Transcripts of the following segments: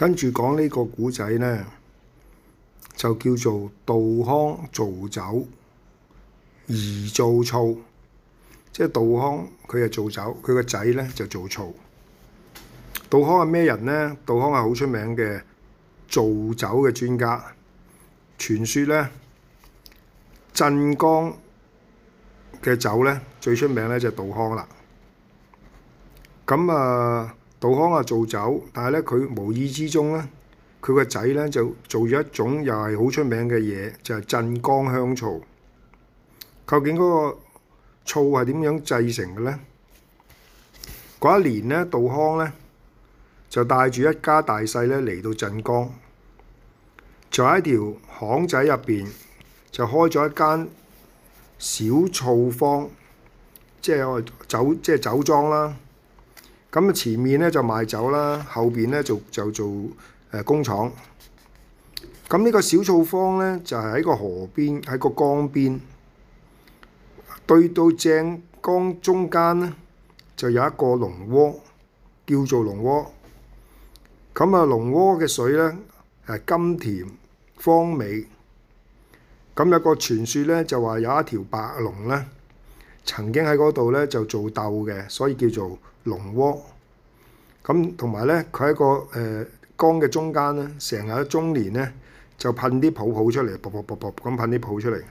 跟住講呢個古仔呢，就叫做杜康造酒而造醋，即係杜康佢係造酒，佢個仔呢就造醋。杜康係咩人呢？杜康係好出名嘅造酒嘅專家。傳説呢，鎮江嘅酒呢，最出名呢就係杜康啦。咁啊～杜康啊，做酒，但係咧佢無意之中咧，佢個仔咧就做咗一種又係好出名嘅嘢，就係鎮江香醋。究竟嗰個醋係點樣製成嘅咧？嗰一年咧，杜康咧就帶住一家大細咧嚟到鎮江，就喺條巷仔入邊就開咗一間小醋坊，即係酒，即係酒莊啦。咁啊前面咧就賣酒啦，後邊咧就就做誒工廠。咁呢個小醋坊咧就係喺個河邊，喺個江邊，對到正江中間咧就有一個龍窩，叫做龍窩。咁啊龍窩嘅水咧誒甘甜芳美。咁有個傳説咧就話有一條白龍咧曾經喺嗰度咧就做竇嘅，所以叫做。龍窩咁同埋咧，佢喺個誒缸嘅中間咧，成日喺中年咧就噴啲泡泡出嚟，噗噗噗噗咁噴啲泡出嚟。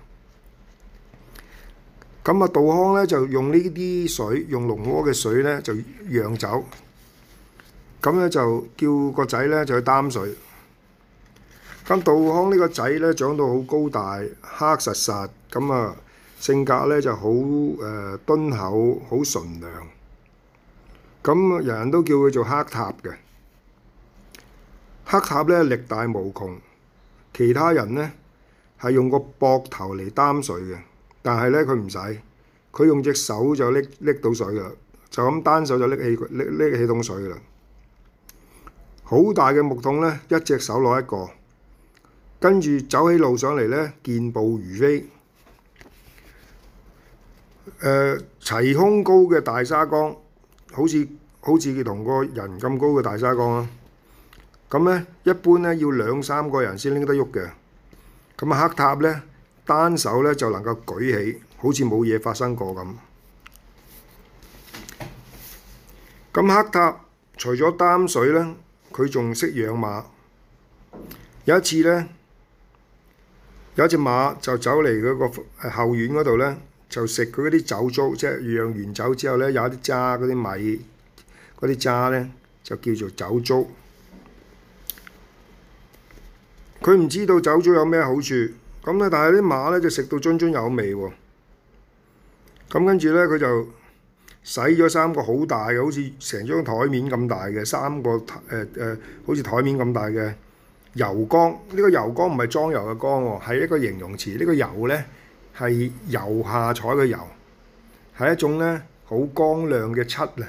咁啊，杜康咧就用呢啲水，用龍窩嘅水咧就釀酒。咁咧就叫個仔咧就去擔水。咁杜康呢個仔咧長到好高大，黑實實咁啊，性格咧就好誒敦厚，好純良。咁人人都叫佢做黑塔嘅，黑塔咧力大無窮，其他人咧係用個膊頭嚟擔水嘅，但係咧佢唔使，佢用隻手就拎拎到水㗎喇，就咁單手就拎起拎拎起桶水㗎喇，好大嘅木桶咧，一隻手攞一個，跟住走起路上嚟咧，健步如飛，誒齊胸高嘅大沙崗。好似好似同個人咁高嘅大沙缸啊！咁咧一般咧要兩三個人先拎得喐嘅。咁黑塔咧單手咧就能夠舉起，好似冇嘢發生過咁。咁黑塔除咗擔水咧，佢仲識養馬。有一次咧，有一隻馬就走嚟嗰個後院嗰度咧。就食佢嗰啲酒糟，即係釀完酒之後咧，有啲渣，嗰啲米，嗰啲渣咧，就叫做酒糟。佢唔知道酒糟有咩好處，咁咧，但係啲馬咧就食到津津有味喎。咁跟住咧，佢就洗咗三個好大嘅，好似成張台面咁大嘅三個誒誒，好似台面咁大嘅油缸。呢個油缸唔係裝油嘅缸喎，係一個形容詞。呢個油咧。係釉下彩嘅釉係一種咧好光亮嘅漆，亮漆啊，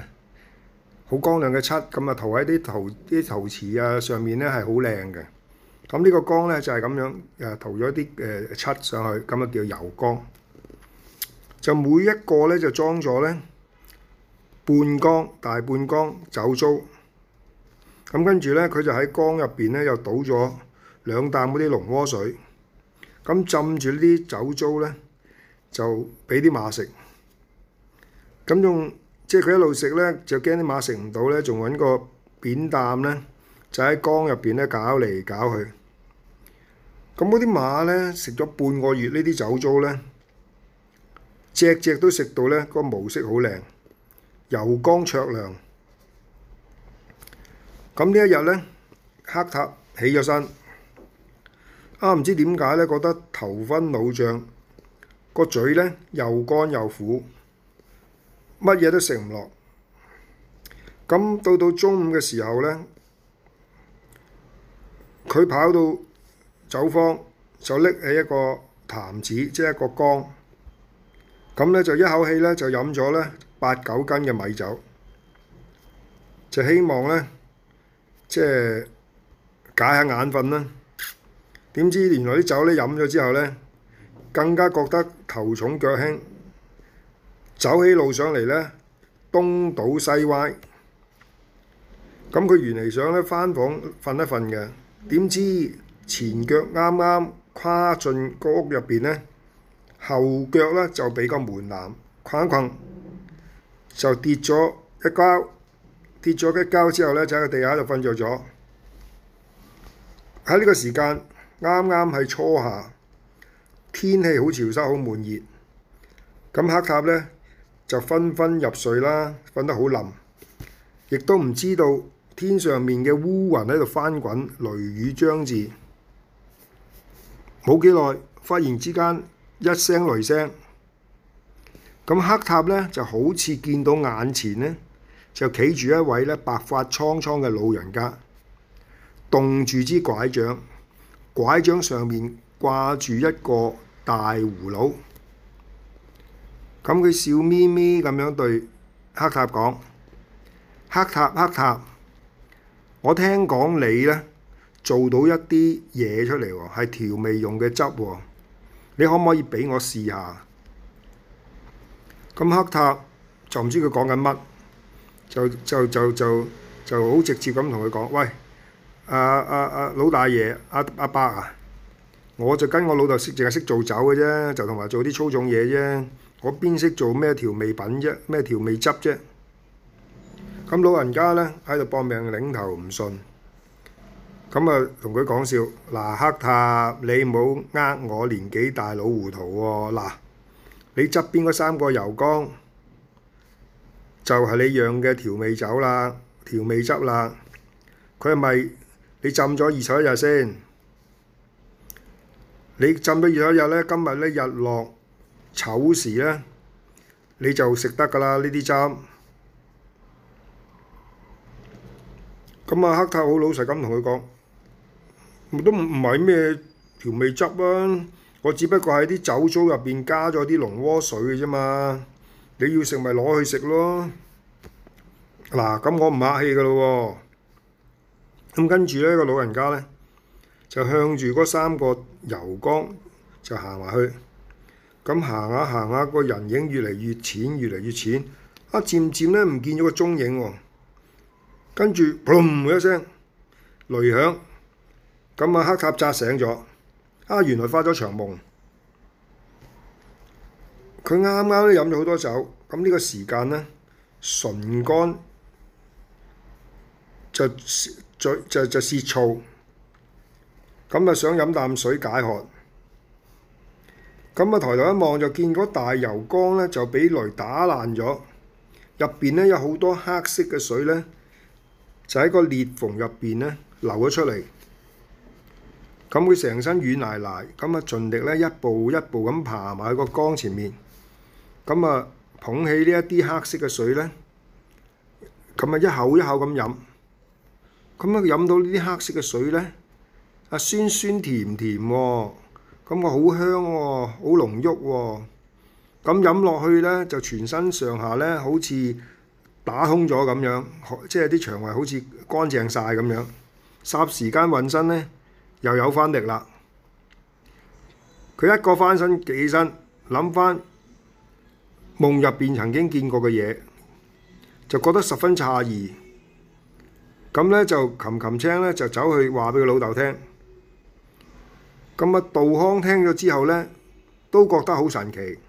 好光亮嘅漆咁啊，塗喺啲陶啲陶瓷啊上面咧係好靚嘅。咁呢個缸咧就係咁樣誒塗咗啲誒漆上去，咁啊叫釉缸。就每一個咧就裝咗咧半缸大半缸酒糟，咁跟住咧佢就喺缸入邊咧就倒咗兩啖嗰啲龍窩水。咁浸住呢啲酒糟咧，就畀啲馬食。咁用即係佢一路食咧，就驚啲馬食唔到咧，仲揾個扁擔咧，就喺缸入邊咧搞嚟搞去。咁嗰啲馬咧食咗半個月呢啲酒糟咧，隻隻都食到咧，個毛色好靚，油光灼亮。咁呢一日咧，黑塔起咗身。啊！唔知點解咧，覺得頭昏腦脹，個嘴咧又乾又苦，乜嘢都食唔落。咁到到中午嘅時候咧，佢跑到酒坊，就拎起一個壇子，即係一個缸，咁咧就一口氣咧就飲咗咧八九斤嘅米酒，就希望咧即係解下眼瞓啦。點知原來啲酒呢飲咗之後呢，更加覺得頭重腳輕，走起路上嚟呢，東倒西歪。咁佢原嚟想呢返房瞓一瞓嘅，點知前腳啱啱跨進個屋入邊呢，後腳呢就俾個門檻框一框，就跌咗一跤，跌咗一跤之後呢，就喺個地下度瞓着咗。喺呢個時間。啱啱係初夏，天氣好潮濕，好悶熱。咁黑塔咧就昏昏入睡啦，瞓得好冧，亦都唔知道天上面嘅烏雲喺度翻滾，雷雨將至。冇幾耐，忽然之間一聲雷聲，咁黑塔咧就好似見到眼前咧就企住一位咧白髮蒼蒼嘅老人家，棟住支拐杖。拐杖上面掛住一個大葫蘆，咁佢笑眯眯咁樣對黑塔講，黑塔黑塔，我聽講你呢做到一啲嘢出嚟喎、哦，係調味用嘅汁喎、哦，你可唔可以畀我試下？咁黑塔就唔知佢講緊乜，就就就就就好直接咁同佢講，喂！啊，啊，啊，老大爺啊，啊，伯啊，我就跟我老豆識，淨係識做酒嘅啫，就同埋做啲粗重嘢啫。我邊識做咩調味品啫？咩調味汁啫？咁、啊、老人家呢，喺度搏命領頭唔信，咁啊同佢講笑嗱、啊、黑塔，你唔好呃我年紀大老糊塗喎、哦、嗱、啊，你側邊嗰三個油缸就係、是、你釀嘅調味酒啦、調味汁啦，佢係咪？你浸咗二十一日先，你浸咗二十一日咧，今日咧日落丑時咧，你就食得噶啦呢啲汁。咁啊，黑太好老實咁同佢講，都唔唔係咩調味汁啊，我只不過喺啲酒糟入邊加咗啲龍窩水嘅啫嘛。你要食咪攞去食咯。嗱，啊，咁我唔客氣噶咯喎。咁跟住呢，個老人家呢，就向住嗰三個油缸就行埋去。咁行下行下，個人影越嚟越淺，越嚟越淺。啊，漸漸呢，唔見咗個蹤影喎、哦。跟住，砰一聲雷響，咁啊黑塔扎醒咗。啊，原來發咗場夢。佢啱啱都飲咗好多酒。咁呢個時間呢，唇乾就。嘴就就舌燥，咁啊想飲啖水解渴。咁啊抬頭一望，就見個大油缸咧就俾雷打爛咗，入邊咧有好多黑色嘅水咧，就喺個裂縫入邊咧流咗出嚟。咁佢成身軟瀨瀨，咁啊盡力咧一步一步咁爬埋喺個缸前面。咁啊捧起呢一啲黑色嘅水咧，咁啊一口一口咁飲。咁咧飲到呢啲黑色嘅水咧，啊酸酸甜甜喎，感覺好香喎，好濃郁喎，咁飲落去咧就全身上下咧好似打通咗咁樣，即係啲腸胃好似乾淨晒咁樣，霎時間渾身咧又有翻力啦。佢一個翻身企起身，諗翻夢入邊曾經見過嘅嘢，就覺得十分詫異。咁咧就琴琴聲咧就走去話俾佢老豆聽。咁啊杜康聽咗之後咧，都覺得好神奇。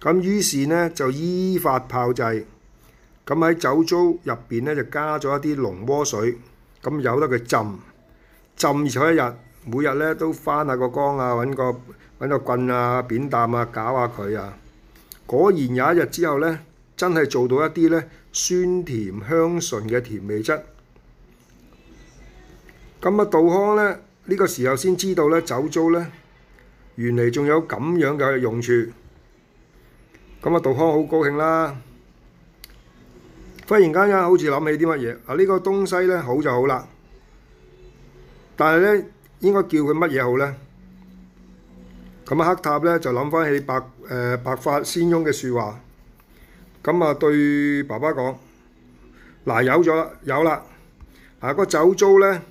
咁於是咧就依法炮製。咁喺酒糟入邊咧就加咗一啲龍蝨水，咁由得佢浸浸咗一日，每日咧都翻下個缸啊，揾個揾個棍啊、扁擔啊，搞下佢啊。果然有一日之後咧，真係做到一啲咧酸甜香醇嘅甜味質。咁啊，杜康呢，呢、呢個時候先知道呢，酒糟呢，原嚟仲有咁樣嘅用處。咁啊，杜康好高興啦！忽然間咧，好似諗起啲乜嘢啊？呢、呢個東西呢，好就好啦，但係呢，應該叫佢乜嘢好呢？咁啊，黑塔呢，就諗翻起白誒、呃、白髮仙翁嘅説話，咁啊對爸爸講，嗱，有咗啦，有啦啊、嗰個酒糟呢。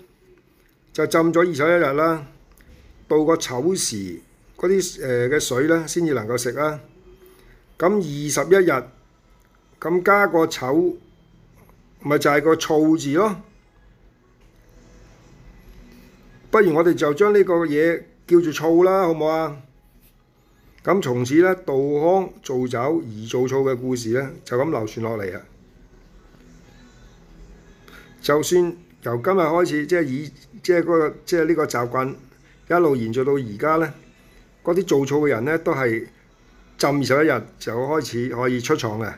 就浸咗二十一日啦，到個丑時嗰啲誒嘅水咧，先至能夠食啦、啊。咁二十一日，咁加個丑，咪就係、是、個醋字咯。不如我哋就將呢個嘢叫做醋啦，好唔好啊？咁從此咧，杜康造酒而造醋嘅故事咧，就咁流傳落嚟啊。就算。由今日開始，即係以即係嗰個即係呢個習慣，一路延續到而家咧。嗰啲做醋嘅人咧，都係浸二十一日就開始可以出廠嘅，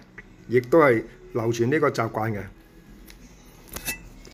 亦都係流傳呢個習慣嘅。